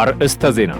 አርእስተ ዜና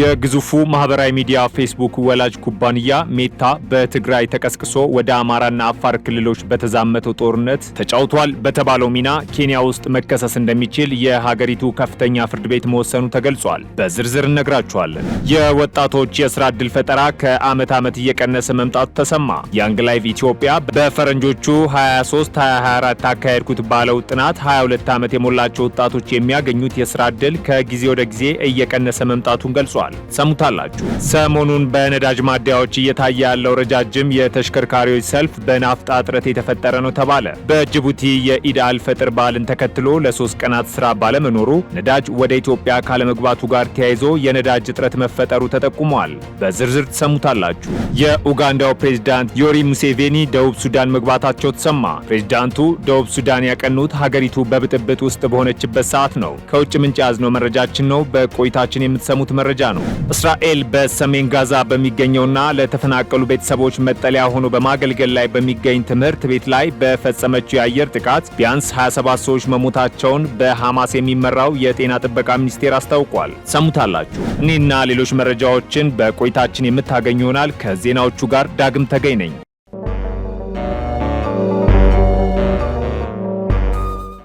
የግዙፉ ማህበራዊ ሚዲያ ፌስቡክ ወላጅ ኩባንያ ሜታ በትግራይ ተቀስቅሶ ወደ አማራና አፋር ክልሎች በተዛመተው ጦርነት ተጫውቷል በተባለው ሚና ኬንያ ውስጥ መከሰስ እንደሚችል የሀገሪቱ ከፍተኛ ፍርድ ቤት መወሰኑ ተገልጿል። በዝርዝር እነግራችኋለን። የወጣቶች የስራ ዕድል ፈጠራ ከዓመት ዓመት እየቀነሰ መምጣቱ ተሰማ። ያንግ ላይቭ ኢትዮጵያ በፈረንጆቹ 23 2024 አካሄድኩት ባለው ጥናት 22 ዓመት የሞላቸው ወጣቶች የሚያገኙት የስራ ዕድል ከጊዜ ወደ ጊዜ እየቀነሰ መምጣቱን ገልጿል። ተገልጿል። ሰሙታላችሁ። ሰሞኑን በነዳጅ ማደያዎች እየታየ ያለው ረጃጅም የተሽከርካሪዎች ሰልፍ በናፍጣ እጥረት የተፈጠረ ነው ተባለ። በጅቡቲ የኢድ ፈጥር በዓልን ተከትሎ ለሶስት ቀናት ስራ ባለመኖሩ ነዳጅ ወደ ኢትዮጵያ ካለመግባቱ ጋር ተያይዞ የነዳጅ እጥረት መፈጠሩ ተጠቁሟል። በዝርዝር ትሰሙታላችሁ። የኡጋንዳው ፕሬዝዳንት ዮሪ ሙሴቬኒ ደቡብ ሱዳን መግባታቸው ተሰማ። ፕሬዝዳንቱ ደቡብ ሱዳን ያቀኑት ሀገሪቱ በብጥብጥ ውስጥ በሆነችበት ሰዓት ነው። ከውጭ ምንጭ ያዝነው መረጃችን ነው። በቆይታችን የምትሰሙት መረጃ ነው። እስራኤል በሰሜን ጋዛ በሚገኘውና ለተፈናቀሉ ቤተሰቦች መጠለያ ሆኖ በማገልገል ላይ በሚገኝ ትምህርት ቤት ላይ በፈጸመችው የአየር ጥቃት ቢያንስ 27 ሰዎች መሞታቸውን በሐማስ የሚመራው የጤና ጥበቃ ሚኒስቴር አስታውቋል። ሰሙታላችሁ። እኔና ሌሎች መረጃዎችን በቆይታችን የምታገኙ ይሆናል። ከዜናዎቹ ጋር ዳግም ተገኝ ነኝ።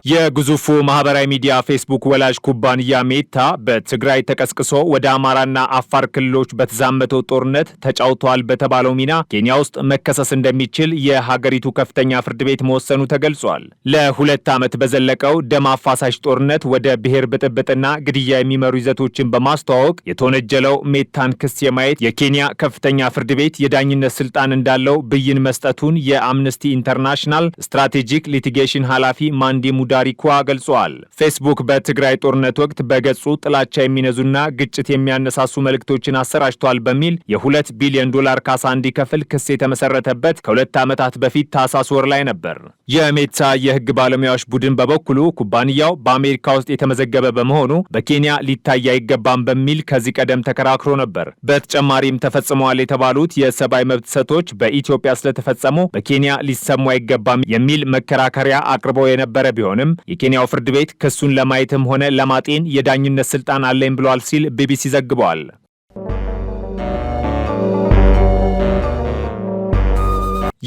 የግዙፉ ማህበራዊ ሚዲያ ፌስቡክ ወላጅ ኩባንያ ሜታ በትግራይ ተቀስቅሶ ወደ አማራና አፋር ክልሎች በተዛመተው ጦርነት ተጫውተዋል በተባለው ሚና ኬንያ ውስጥ መከሰስ እንደሚችል የሀገሪቱ ከፍተኛ ፍርድ ቤት መወሰኑ ተገልጿል። ለሁለት ዓመት በዘለቀው ደም አፋሳሽ ጦርነት ወደ ብሔር ብጥብጥና ግድያ የሚመሩ ይዘቶችን በማስተዋወቅ የተወነጀለው ሜታን ክስ የማየት የኬንያ ከፍተኛ ፍርድ ቤት የዳኝነት ስልጣን እንዳለው ብይን መስጠቱን የአምነስቲ ኢንተርናሽናል ስትራቴጂክ ሊቲጌሽን ኃላፊ ማንዲ ሙዳ ጋሪኳ ገልጿል። ፌስቡክ በትግራይ ጦርነት ወቅት በገጹ ጥላቻ የሚነዙና ግጭት የሚያነሳሱ መልእክቶችን አሰራጭቷል በሚል የሁለት ቢሊዮን ዶላር ካሳ እንዲከፍል ክስ የተመሰረተበት ከሁለት ዓመታት በፊት ታህሳስ ወር ላይ ነበር። የሜታ የህግ ባለሙያዎች ቡድን በበኩሉ ኩባንያው በአሜሪካ ውስጥ የተመዘገበ በመሆኑ በኬንያ ሊታይ አይገባም በሚል ከዚህ ቀደም ተከራክሮ ነበር። በተጨማሪም ተፈጽመዋል የተባሉት የሰብአዊ መብት ጥሰቶች በኢትዮጵያ ስለተፈጸሙ በኬንያ ሊሰሙ አይገባም የሚል መከራከሪያ አቅርበው የነበረ ቢሆንም ቢሆንም የኬንያው ፍርድ ቤት ክሱን ለማየትም ሆነ ለማጤን የዳኝነት ስልጣን አለኝ ብሏል ሲል ቢቢሲ ዘግበዋል።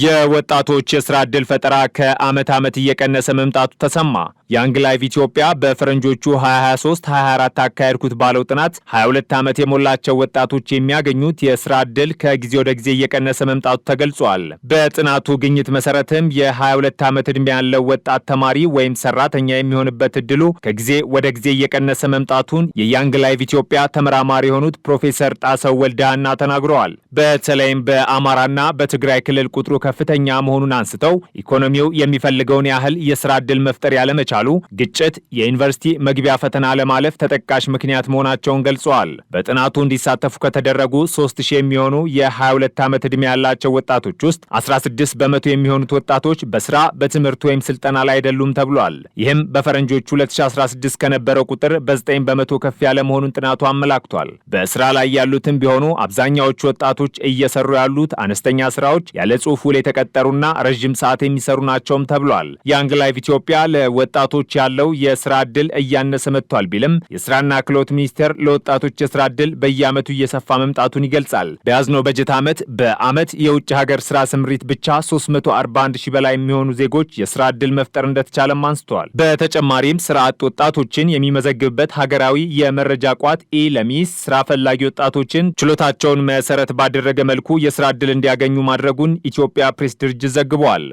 የወጣቶች የስራ ዕድል ፈጠራ ከዓመት ዓመት እየቀነሰ መምጣቱ ተሰማ። ያንግ ላይፍ ኢትዮጵያ በፈረንጆቹ 2023 24 አካሄድኩት ባለው ጥናት 22 ዓመት የሞላቸው ወጣቶች የሚያገኙት የስራ ዕድል ከጊዜ ወደ ጊዜ እየቀነሰ መምጣቱ ተገልጿል። በጥናቱ ግኝት መሰረትም የ22 ዓመት ዕድሜ ያለው ወጣት ተማሪ ወይም ሰራተኛ የሚሆንበት እድሉ ከጊዜ ወደ ጊዜ እየቀነሰ መምጣቱን የያንግ ላይፍ ኢትዮጵያ ተመራማሪ የሆኑት ፕሮፌሰር ጣሰው ወልደሃና ተናግረዋል። በተለይም በአማራና በትግራይ ክልል ቁጥሩ ከፍተኛ መሆኑን አንስተው ኢኮኖሚው የሚፈልገውን ያህል የስራ ዕድል መፍጠር ያለመቻል መቻሉ ግጭት የዩኒቨርሲቲ መግቢያ ፈተና ለማለፍ ተጠቃሽ ምክንያት መሆናቸውን ገልጸዋል። በጥናቱ እንዲሳተፉ ከተደረጉ 3000 የሚሆኑ የ22 ዓመት ዕድሜ ያላቸው ወጣቶች ውስጥ 16 በመቶ የሚሆኑት ወጣቶች በስራ በትምህርት ወይም ስልጠና ላይ አይደሉም ተብሏል። ይህም በፈረንጆቹ 2016 ከነበረው ቁጥር በ9 በመቶ ከፍ ያለ መሆኑን ጥናቱ አመላክቷል። በስራ ላይ ያሉትም ቢሆኑ አብዛኛዎቹ ወጣቶች እየሰሩ ያሉት አነስተኛ ስራዎች ያለ ጽሁፍ ውል የተቀጠሩና ረዥም ሰዓት የሚሰሩ ናቸውም ተብሏል። ያንግ ላይፍ ኢትዮጵያ ለወጣቱ ለወጣቶች ያለው የስራ ዕድል እያነሰ መጥቷል ቢልም የስራና ክህሎት ሚኒስቴር ለወጣቶች የስራ ዕድል በየአመቱ እየሰፋ መምጣቱን ይገልጻል። በያዝነው በጀት ዓመት በዓመት የውጭ ሀገር ስራ ስምሪት ብቻ 341 ሺህ በላይ የሚሆኑ ዜጎች የስራ ዕድል መፍጠር እንደተቻለም አንስተዋል። በተጨማሪም ስራ አጥ ወጣቶችን የሚመዘግብበት ሀገራዊ የመረጃ ቋት ኢለሚስ ስራ ፈላጊ ወጣቶችን ችሎታቸውን መሰረት ባደረገ መልኩ የስራ ዕድል እንዲያገኙ ማድረጉን ኢትዮጵያ ፕሬስ ድርጅት ዘግቧል።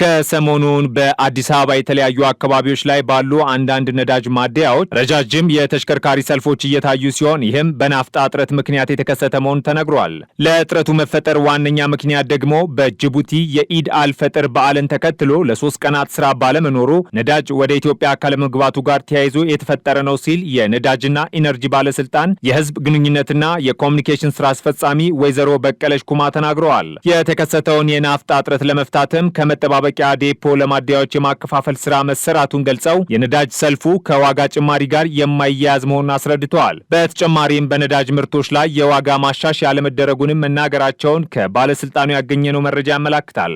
ከሰሞኑን በአዲስ አበባ የተለያዩ አካባቢዎች ላይ ባሉ አንዳንድ ነዳጅ ማደያዎች ረጃጅም የተሽከርካሪ ሰልፎች እየታዩ ሲሆን ይህም በናፍጣ እጥረት ምክንያት የተከሰተ መሆኑ ተነግሯል። ለእጥረቱ መፈጠር ዋነኛ ምክንያት ደግሞ በጅቡቲ የኢድ አልፈጥር በዓልን ተከትሎ ለሶስት ቀናት ስራ ባለመኖሩ ነዳጅ ወደ ኢትዮጵያ ካለመግባቱ ጋር ተያይዞ የተፈጠረ ነው ሲል የነዳጅና ኢነርጂ ባለስልጣን የህዝብ ግንኙነትና የኮሚኒኬሽን ስራ አስፈጻሚ ወይዘሮ በቀለች ኩማ ተናግረዋል። የተከሰተውን የናፍጣ እጥረት ለመፍታትም ከመጠባበ ማጣበቂያ ዴፖ ለማደያዎች የማከፋፈል ስራ መሰራቱን ገልጸው የነዳጅ ሰልፉ ከዋጋ ጭማሪ ጋር የማያያዝ መሆኑን አስረድተዋል። በተጨማሪም በነዳጅ ምርቶች ላይ የዋጋ ማሻሻያ አለመደረጉንም መናገራቸውን ከባለስልጣኑ ያገኘነው መረጃ ያመላክታል።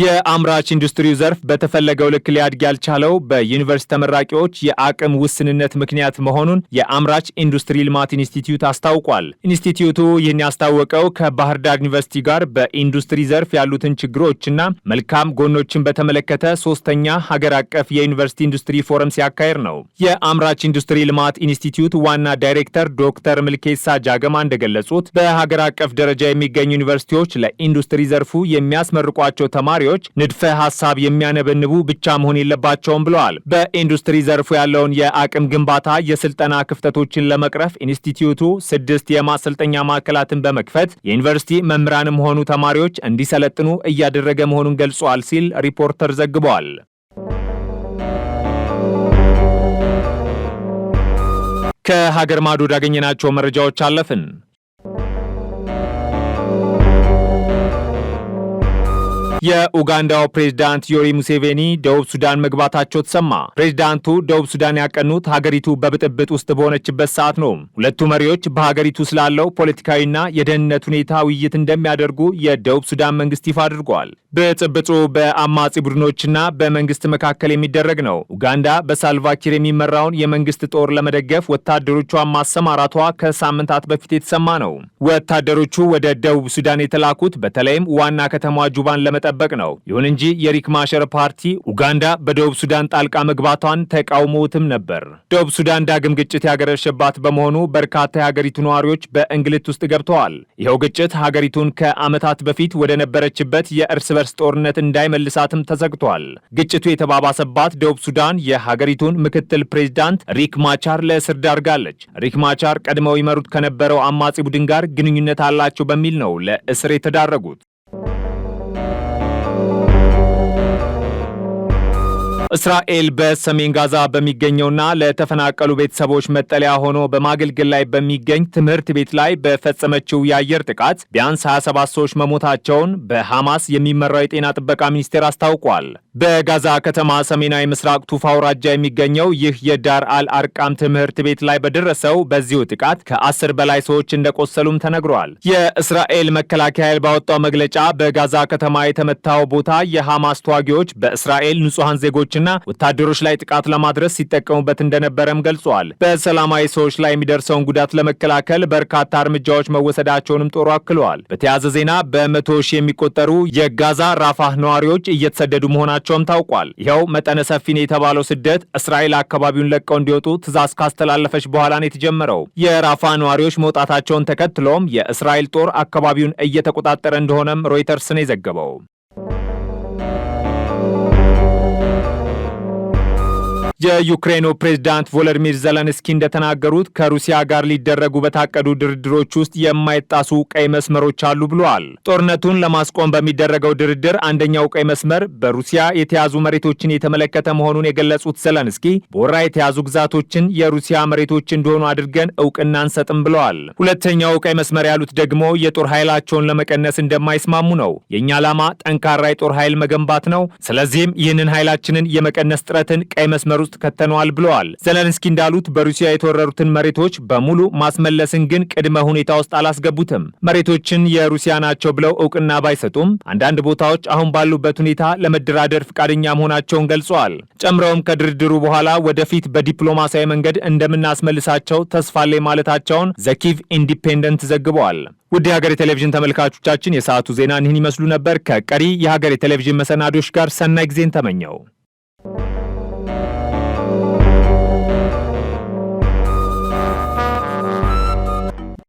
የአምራች ኢንዱስትሪው ዘርፍ በተፈለገው ልክ ሊያድግ ያልቻለው በዩኒቨርሲቲ ተመራቂዎች የአቅም ውስንነት ምክንያት መሆኑን የአምራች ኢንዱስትሪ ልማት ኢንስቲትዩት አስታውቋል። ኢንስቲትዩቱ ይህን ያስታወቀው ከባህር ዳር ዩኒቨርሲቲ ጋር በኢንዱስትሪ ዘርፍ ያሉትን ችግሮችና መልካም ጎኖችን በተመለከተ ሶስተኛ ሀገር አቀፍ የዩኒቨርሲቲ ኢንዱስትሪ ፎረም ሲያካሄድ ነው። የአምራች ኢንዱስትሪ ልማት ኢንስቲትዩት ዋና ዳይሬክተር ዶክተር ምልኬሳ ጃገማ እንደገለጹት በሀገር አቀፍ ደረጃ የሚገኙ ዩኒቨርሲቲዎች ለኢንዱስትሪ ዘርፉ የሚያስመርቋቸው ተማሪ ተመራማሪዎች ንድፈ ሀሳብ የሚያነበንቡ ብቻ መሆን የለባቸውም ብለዋል። በኢንዱስትሪ ዘርፉ ያለውን የአቅም ግንባታ፣ የስልጠና ክፍተቶችን ለመቅረፍ ኢንስቲትዩቱ ስድስት የማሰልጠኛ ማዕከላትን በመክፈት የዩኒቨርሲቲ መምህራንም ሆኑ ተማሪዎች እንዲሰለጥኑ እያደረገ መሆኑን ገልጿል ሲል ሪፖርተር ዘግቧል። ከሀገር ማዶ ያገኘናቸው መረጃዎች አለፍን። የኡጋንዳው ፕሬዝዳንት ዮሪ ሙሴቬኒ ደቡብ ሱዳን መግባታቸው ተሰማ። ፕሬዝዳንቱ ደቡብ ሱዳን ያቀኑት ሀገሪቱ በብጥብጥ ውስጥ በሆነችበት ሰዓት ነው። ሁለቱ መሪዎች በሀገሪቱ ስላለው ፖለቲካዊና የደህንነት ሁኔታ ውይይት እንደሚያደርጉ የደቡብ ሱዳን መንግስት ይፋ አድርጓል። ብጥብጡ በአማጺ ቡድኖችና በመንግስት መካከል የሚደረግ ነው። ኡጋንዳ በሳልቫኪር የሚመራውን የመንግስት ጦር ለመደገፍ ወታደሮቿን ማሰማራቷ ከሳምንታት በፊት የተሰማ ነው። ወታደሮቹ ወደ ደቡብ ሱዳን የተላኩት በተለይም ዋና ከተማ ጁባን ለመጠ የሚጠበቅ ነው። ይሁን እንጂ የሪክ ማሸር ፓርቲ ኡጋንዳ በደቡብ ሱዳን ጣልቃ መግባቷን ተቃውሞውትም ነበር። ደቡብ ሱዳን ዳግም ግጭት ያገረሸባት በመሆኑ በርካታ የሀገሪቱ ነዋሪዎች በእንግልት ውስጥ ገብተዋል። ይኸው ግጭት ሀገሪቱን ከዓመታት በፊት ወደ ነበረችበት የእርስ በርስ ጦርነት እንዳይመልሳትም ተሰግቷል። ግጭቱ የተባባሰባት ደቡብ ሱዳን የሀገሪቱን ምክትል ፕሬዚዳንት ሪክ ማቻር ለእስር ዳርጋለች። ሪክ ማቻር ቀድመው ይመሩት ከነበረው አማጺ ቡድን ጋር ግንኙነት አላቸው በሚል ነው ለእስር የተዳረጉት። እስራኤል በሰሜን ጋዛ በሚገኘውና ለተፈናቀሉ ቤተሰቦች መጠለያ ሆኖ በማገልገል ላይ በሚገኝ ትምህርት ቤት ላይ በፈጸመችው የአየር ጥቃት ቢያንስ 27 ሰዎች መሞታቸውን በሐማስ የሚመራው የጤና ጥበቃ ሚኒስቴር አስታውቋል። በጋዛ ከተማ ሰሜናዊ ምስራቅ ቱፋ አውራጃ የሚገኘው ይህ የዳር አል አርቃም ትምህርት ቤት ላይ በደረሰው በዚሁ ጥቃት ከአስር በላይ ሰዎች እንደቆሰሉም ተነግሯል። የእስራኤል መከላከያ ኃይል ባወጣው መግለጫ በጋዛ ከተማ የተመታው ቦታ የሐማስ ተዋጊዎች በእስራኤል ንጹሐን ዜጎችን በማድረግና ወታደሮች ላይ ጥቃት ለማድረስ ሲጠቀሙበት እንደነበረም ገልጿል። በሰላማዊ ሰዎች ላይ የሚደርሰውን ጉዳት ለመከላከል በርካታ እርምጃዎች መወሰዳቸውንም ጦሩ አክለዋል። በተያያዘ ዜና በመቶ ሺህ የሚቆጠሩ የጋዛ ራፋህ ነዋሪዎች እየተሰደዱ መሆናቸውም ታውቋል። ይኸው መጠነ ሰፊን የተባለው ስደት እስራኤል አካባቢውን ለቀው እንዲወጡ ትዕዛዝ ካስተላለፈች በኋላ ነው የተጀመረው። የራፋ ነዋሪዎች መውጣታቸውን ተከትሎም የእስራኤል ጦር አካባቢውን እየተቆጣጠረ እንደሆነም ሮይተርስ ነው የዘገበው። የዩክሬኑ ፕሬዝዳንት ቮለድሚር ዘለንስኪ እንደተናገሩት ከሩሲያ ጋር ሊደረጉ በታቀዱ ድርድሮች ውስጥ የማይጣሱ ቀይ መስመሮች አሉ ብለዋል። ጦርነቱን ለማስቆም በሚደረገው ድርድር አንደኛው ቀይ መስመር በሩሲያ የተያዙ መሬቶችን የተመለከተ መሆኑን የገለጹት ዘለንስኪ ቦራ የተያዙ ግዛቶችን የሩሲያ መሬቶች እንደሆኑ አድርገን እውቅና አንሰጥም ብለዋል። ሁለተኛው ቀይ መስመር ያሉት ደግሞ የጦር ኃይላቸውን ለመቀነስ እንደማይስማሙ ነው። የእኛ ዓላማ ጠንካራ የጦር ኃይል መገንባት ነው። ስለዚህም ይህንን ኃይላችንን የመቀነስ ጥረትን ቀይ መስመር ውስጥ ውስጥ ከተነዋል ብለዋል። ዘለንስኪ እንዳሉት በሩሲያ የተወረሩትን መሬቶች በሙሉ ማስመለስን ግን ቅድመ ሁኔታ ውስጥ አላስገቡትም። መሬቶችን የሩሲያ ናቸው ብለው እውቅና ባይሰጡም አንዳንድ ቦታዎች አሁን ባሉበት ሁኔታ ለመደራደር ፈቃደኛ መሆናቸውን ገልጸዋል። ጨምረውም ከድርድሩ በኋላ ወደፊት በዲፕሎማሲያዊ መንገድ እንደምናስመልሳቸው ተስፋ ማለታቸውን ዘኪቭ ኢንዲፔንደንት ዘግበዋል። ውድ የሀገሬ ቴሌቪዥን ተመልካቾቻችን የሰዓቱ ዜና ይህን ይመስሉ ነበር። ከቀሪ የሀገሬ ቴሌቪዥን መሰናዶች ጋር ሰናይ ጊዜን ተመኘው።